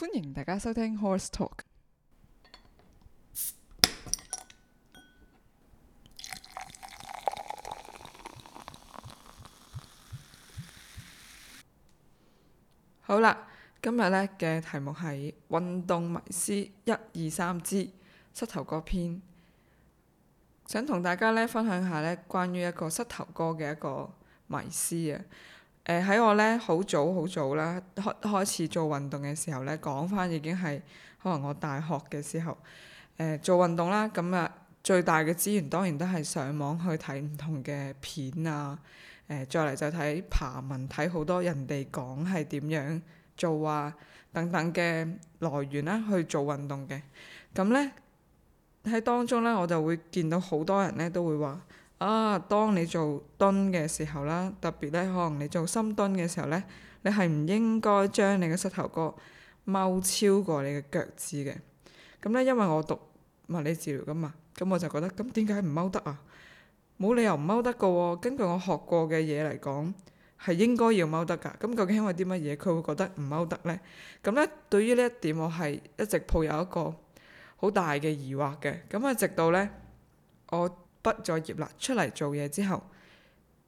歡迎大家收聽《Horse Talk》。好啦，今日呢嘅題目係運動迷思一二三之膝頭哥篇，想同大家呢分享下呢關於一個膝頭哥嘅一個迷思啊！誒喺、呃、我呢，好早好早啦，開開始做運動嘅時候呢，講返已經係可能我大學嘅時候誒、呃、做運動啦，咁啊最大嘅資源當然都係上網去睇唔同嘅片啊，誒、呃、再嚟就睇爬文，睇好多人哋講係點樣做啊等等嘅來源啦去做運動嘅，咁呢，喺當中呢，我就會見到好多人呢都會話。啊，當你做蹲嘅時候啦，特別呢，可能你做深蹲嘅時候呢，你係唔應該將你嘅膝頭哥踎超過你嘅腳趾嘅。咁、嗯、呢，因為我讀物理治療噶嘛，咁、嗯、我就覺得，咁點解唔踎得啊？冇理由唔踎得個喎、哦。根據我學過嘅嘢嚟講，係應該要踎得噶。咁、嗯、究竟因為啲乜嘢，佢會覺得唔踎得呢？咁、嗯、呢、嗯，對於呢一點，我係一直抱有一個好大嘅疑惑嘅。咁、嗯、啊，直到呢。我。畢咗業啦，出嚟做嘢之後，誒、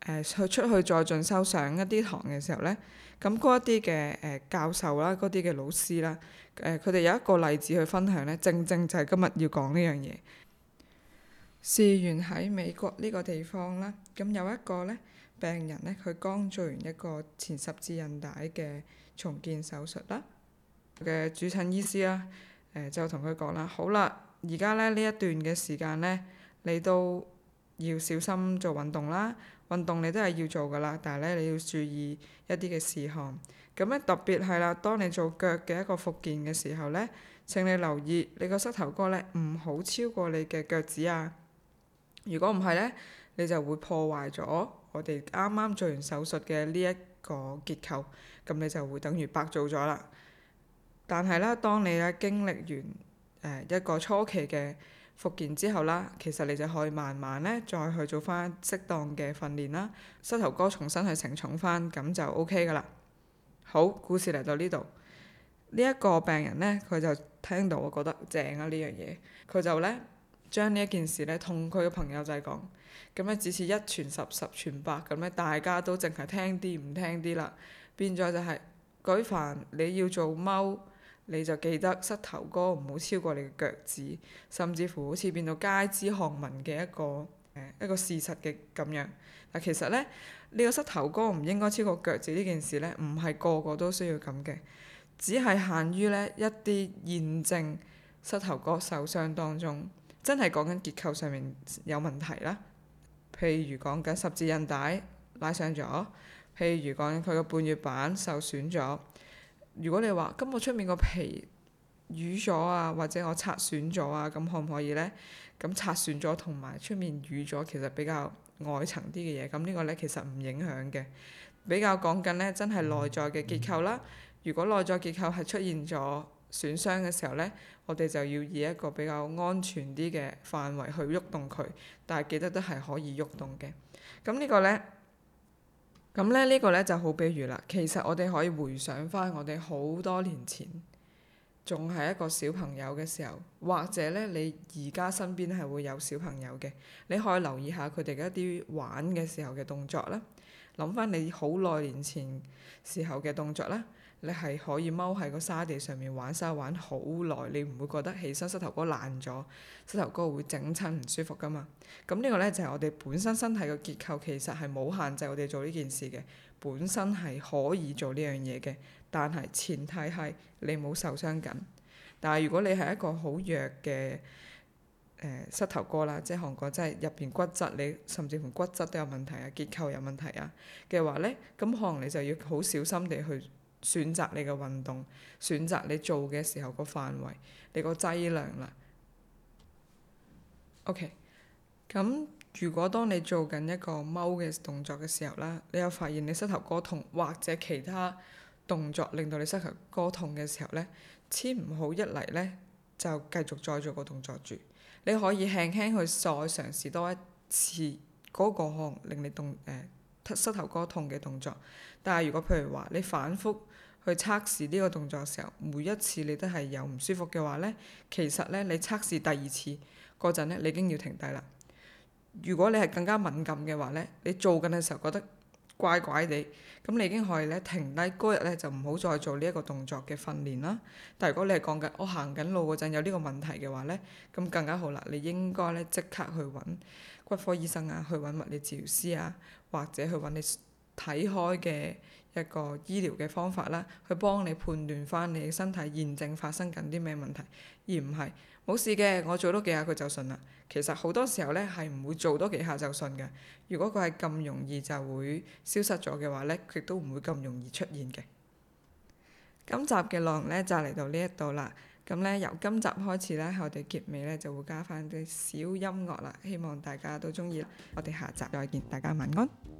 呃、去出去再進修上一啲堂嘅時候呢，咁嗰一啲嘅誒教授啦，嗰啲嘅老師啦，誒佢哋有一個例子去分享呢，正正就係今日要講呢樣嘢。事源喺美國呢個地方啦，咁有一個呢病人呢，佢剛做完一個前十字韌帶嘅重建手術啦，嘅主診醫師啦，誒、呃、就同佢講啦，好啦，而家呢呢一段嘅時間呢。」你都要小心做運動啦，運動你都係要做噶啦，但係呢，你要注意一啲嘅事項。咁呢，特別係啦，當你做腳嘅一個復健嘅時候呢，請你留意你個膝頭哥呢唔好超過你嘅腳趾啊。如果唔係呢，你就會破壞咗我哋啱啱做完手術嘅呢一個結構，咁你就會等於白做咗啦。但係呢，當你呢經歷完誒、呃、一個初期嘅復健之後啦，其實你就可以慢慢呢，再去做翻適當嘅訓練啦。膝頭哥重新去承重翻，咁就 OK 噶啦。好，故事嚟到呢度，呢、這、一個病人呢，佢就聽到我覺得正啊呢樣嘢，佢、這個、就呢，將呢一件事呢，同佢嘅朋友仔係講，咁呢，只是一傳十，十傳百，咁呢大家都淨係聽啲唔聽啲啦，變咗就係、是、舉凡你要做踎。你就記得膝頭哥唔好超過你嘅腳趾，甚至乎好似變到街知巷聞嘅一個誒一個事實嘅咁樣。嗱，其實呢，呢、呢個膝頭哥唔應該超過腳趾呢件事呢，唔係個個都需要咁嘅，只係限於呢一啲驗證膝頭哥受傷當中，真係講緊結構上面有問題啦。譬如講緊十字韌帶拉傷咗，譬如講緊佢個半月板受損咗。如果你話咁我出面個皮瘀咗啊，或者我拆損咗啊，咁可唔可以呢？咁拆損咗同埋出面瘀咗，其實比較外層啲嘅嘢，咁呢個呢，其實唔影響嘅。比較講緊呢，真係內在嘅結構啦。嗯嗯、如果內在結構係出現咗損傷嘅時候呢，我哋就要以一個比較安全啲嘅範圍去喐動佢，但係記得都係可以喐動嘅。咁呢個呢。咁呢呢個呢就好比如啦，其實我哋可以回想翻我哋好多年前，仲係一個小朋友嘅時候，或者呢你而家身邊係會有小朋友嘅，你可以留意下佢哋嘅一啲玩嘅時候嘅動作啦，諗翻你好耐年前時候嘅動作啦。你係可以踎喺個沙地上面玩沙玩好耐，你唔會覺得起身膝頭哥爛咗，膝頭哥會整親唔舒服㗎嘛？咁呢個咧就係、是、我哋本身身體嘅結構，其實係冇限制我哋做呢件事嘅，本身係可以做呢樣嘢嘅。但係前提係你冇受傷緊。但係如果你係一個好弱嘅誒、呃、膝頭哥啦，即係韓國，即係入邊骨質你甚至乎骨質都有問題啊，結構有問題啊嘅話咧，咁可能你就要好小心地去。選擇你嘅運動，選擇你做嘅時候個範圍，你個劑量啦。OK，咁如果當你做緊一個踎嘅動作嘅時候呢，你有發現你膝頭哥痛或者其他動作令到你膝頭哥痛嘅時候呢，千唔好一嚟呢就繼續再做個動作住。你可以輕輕去再嘗試多一次嗰、那個可能令你動誒、呃、膝頭哥痛嘅動作。但係如果譬如話你反覆，去測試呢個動作嘅時候，每一次你都係有唔舒服嘅話咧，其實咧你測試第二次嗰陣咧，你已經要停低啦。如果你係更加敏感嘅話咧，你做緊嘅時候覺得怪怪地，咁你已經可以咧停低，嗰日咧就唔好再做呢一個動作嘅訓練啦。但如果你係講緊我行緊路嗰陣有呢個問題嘅話咧，咁更加好啦，你應該咧即刻去揾骨科醫生啊，去揾物理治療師啊，或者去揾你睇開嘅。一個醫療嘅方法啦，去幫你判斷翻你身體現正發生緊啲咩問題，而唔係冇事嘅，我做多幾下佢就信啦。其實好多時候咧係唔會做多幾下就信嘅。如果佢係咁容易就會消失咗嘅話咧，佢都唔會咁容易出現嘅。今集嘅內容咧就嚟到呢一度啦。咁咧由今集開始咧，我哋結尾咧就會加翻啲小音樂啦，希望大家都中意啦。我哋下集再見，大家晚安。